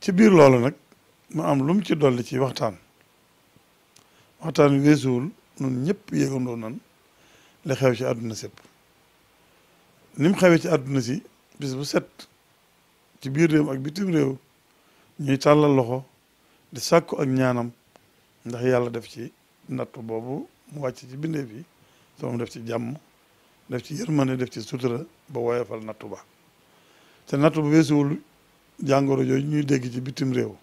ci biir loolu nag mu am lu mu ci dolli ci waxtaan waxtaan wi weesuwul ñun ñëpp yëgandoo nan li xew ci àdduna sépp ni mu xewee ci àdduna si bis bu set ci biir réew ak bitim réew ñuy tàllal loxo di sàkku ak ñaanam ndax yàlla def ci nattu boobu mu wàcc ci bindee bi sama def ci jàmm def ci yërmande def ci sutura ba woyofal nattu ba te nattu bu weesuwul jàngoro yooyu ñuy dégg ci bitim réew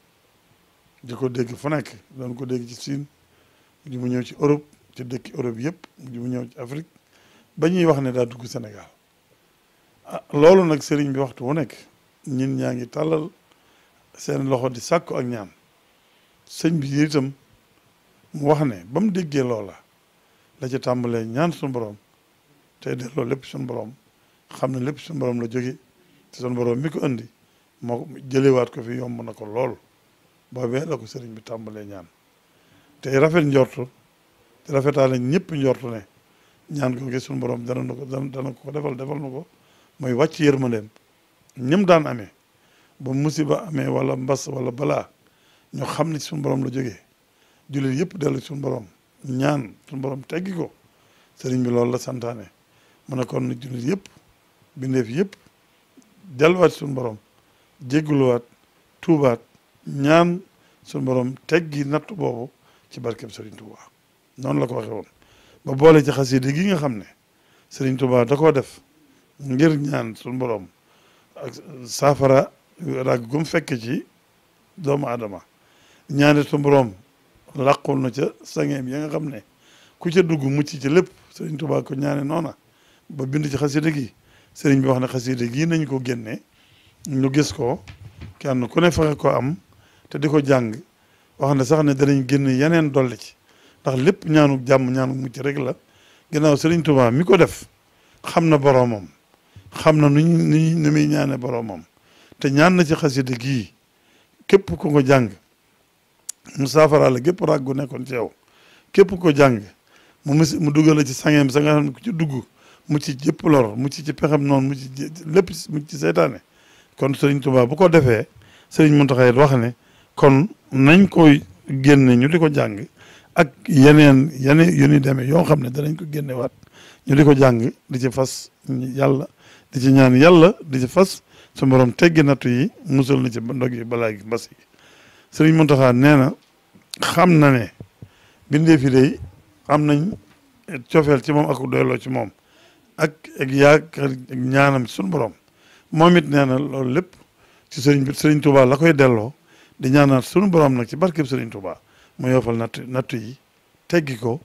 di ko dégg fu nekk doon ko dégg ci Siin di mu ñëw ci Europe ci dëkki Europe yëpp di mu ñëw ci Afrique ba ñuy wax ne daa dugg senegal ah loolu nag sëriñ bi waxtu wu nekk ñin ñaa ngi tàllal seen loxo di sàkku ak ñaan sëñ bi itam mu wax ne ba mu déggee loola la ci tàmbalee ñaan suñu borom tey delloo lépp suñu borom xam ne lépp suñu borom la jóge te suñu borom mi ko indi moo wat ko fi yomb na ko ba boobee la ko serigne bi tàmbalee ñaan tey rafet njortu te rafetale ñepp njortu ne ñaan ko gi sun borom dana nako ko dana ko defal defal nako moy wacc wàcc yërmandeem ñëm daan amé ba musiba amé wala mbass wala bala ñu xamni sun borom la joggé julit yépp delu sun borom ñaan sun borom teggi ko serigne bi lol la santaane mu ne kon yépp bindef yépp delu wat sun borom jégguluwaat tuubaat ñaan suñu borom teggi nattu boobu ci barkeb Serigne Touba noonu la ko waxee woon ba boole ci xasida gi nga xam ne Serigne Touba da koo def ngir ñaan suñu borom ak saafara rag gum fekk ci doomu aadama ñaane suñu borom làqul na ca sangeem ya nga xam ne ku ca dugg mucc ci lépp Serigne Touba ko ñaane noona ba bind ci xasida gi sëriñ bi wax ne xasida gi nañ ko génnee ñu gis ko kenn ku ne fexe ko am te diko ko waxna sax ne dañu genn yenen dolli ci ndax lepp ñaanu jàmm ñaanu ci rek la ginaaw serigne touba mi ko def xamna boromam xamna nu ñu nu mi ñaané boromam te ñaan na ci xasida gi kep ku ko jang musafara la gep ragu ne kon ci yow képp ko jang mu mu duggal ci sangem sa nga ku ci duggu mu ci jep lor mu ci ci pexam non mu ci lepp mu ci setané kon sëriñ Tuubaa bu ko defee sëriñ Muntaxa wax ne kon nañ ko génne ñu di ko jàng ak yeneen yeneen yu ni yoo xam ne danañ ko génnewaat ñu di ko jàng di ci fas yàlla di ci ñaan yàlla di ci fas su borom teggi nattu yi musal na ci ndog yi balaa gi mbas yi sëriñ Muntaxa nee na xam na ne bindee fi day am nañ cofeel ci moom ak doyloo ci moom ak ak yaakaar ak ñaanam ci suñu borom moom it nee na loolu lépp ci sëriñ bi sëriñ Touba la koy delloo di ñaanaat sunu borom nag ci barkeb sëriñ Touba mu yofal natt nattu yi teggi ko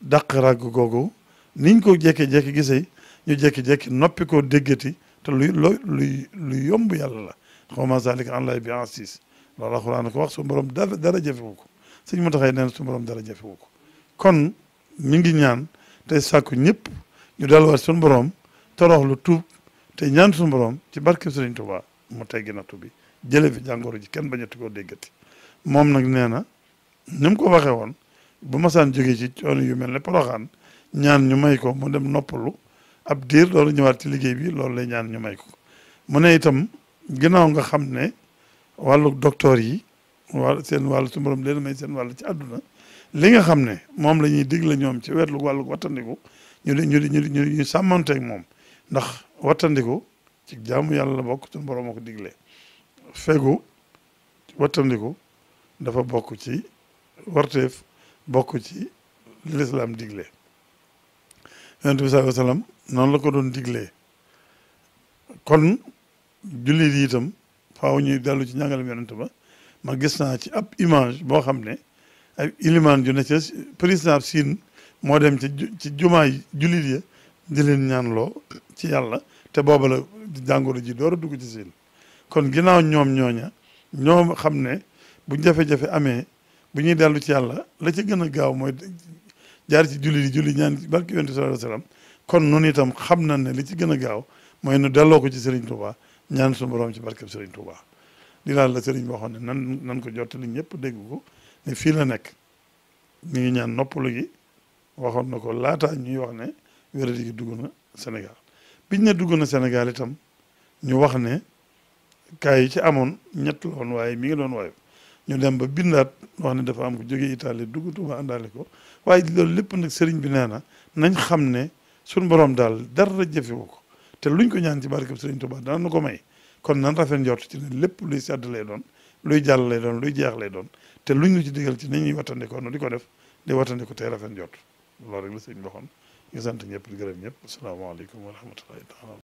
dàq ragg googu niñ ko jékki-jékki gisee ñu jékki-jékki noppi ko déggati te luy loo luy luy yomb yàlla la xaw ma zalika an lay bi ansis loolu alxuraan ko wax sunu borom dara dara jafewu ko sëñ mu taxay nee na sunu borom dara jafewu ko kon mi ngi ñaan tey sàkku ñëpp ñu delluwaat sunu borom toroxlu tuub te ñaan suñu borom ci barke Sëriñ Tuubaa mu teggi nattu bi jële fi jàngoro ji kenn ba bañati koo déggati moom nag nee na ni ko waxee woon bu masaan jógee ci coono yu mel ne poroxaan ñaan ñu may ko mu dem noppalu ab diir loolu ñëwaat ci liggéey bi loolu lay ñaan ñu ko mu ne itam ginnaaw nga xam ne wàllu docteur yi wàll seen wàllu suñu borom leen may seen wàll ci àdduna li nga xam ne moom la ñuy digle ñoom ci wetlu wàllu wattandiku ñu di ñu di ñu di ñu sàmmanteeg moom ndax wattandiku ci jaamu yàlla la bokk suñu borom a ko digle fegu wattandiku dafa bokk ci warteef bokk ci li lislaam digle yonent bi sallallahu alayhi wasallam noonu la ko doon digle kon jullit yi itam faaw ñuy dellu ci ñàngalam yonent ba ma gis naa ci ab image boo xam ne ay ilimaan ju ne ca président Siin moo dem ci ci jumaay jullit ya di leen ñaanloo ci yàlla te booba la jàngoro ji door a dugg ci siin kon ginnaaw ñoom ñooña ñoom xam ne bu jafe-jafe amee bu ñuy dellu ci yàlla la ci gën a gaaw mooy jaar ci julli di ñaan barki yonent sallallahu kon noonu itam xam na ne li ci gën a gaaw mooy nu delloo ko ci Serigne Touba ñaan suñu ci barkeb Serigne Touba di laal la Serigne waxoon ne nan nan ko jottali ñëpp dégg ko ne fii la nekk mi ngi ñaan noppalu gi waxoon na ko laataa ñuy wax ne wéradi gi dugg na Sénégal biñ ne dugg na Sénégal itam ñu wax ne cas yi ci amoon ñett la waaye mi ngi doon waaye ñu dem ba bindaat wax ne dafa am ku jógee Italie dugg Tuuba àndaale ko waaye loolu lépp nag sëriñ bi nee na nañ xam ne sun borom daal dara jëfewu ko te luñ ko ñaan ci barkeb sëriñ Tuuba dana na ko may kon nan rafet njort ci ne lépp luy sedd lay doon luy jàll lay doon luy jeex lay doon te luñ lu ci digal ci ni ñuy wattandikoo nu di ko def di wattandiko tey rafet njort ngi sant ñëpp di gërëm ñëpp asalaamaaleykum wa rahmatullahi taala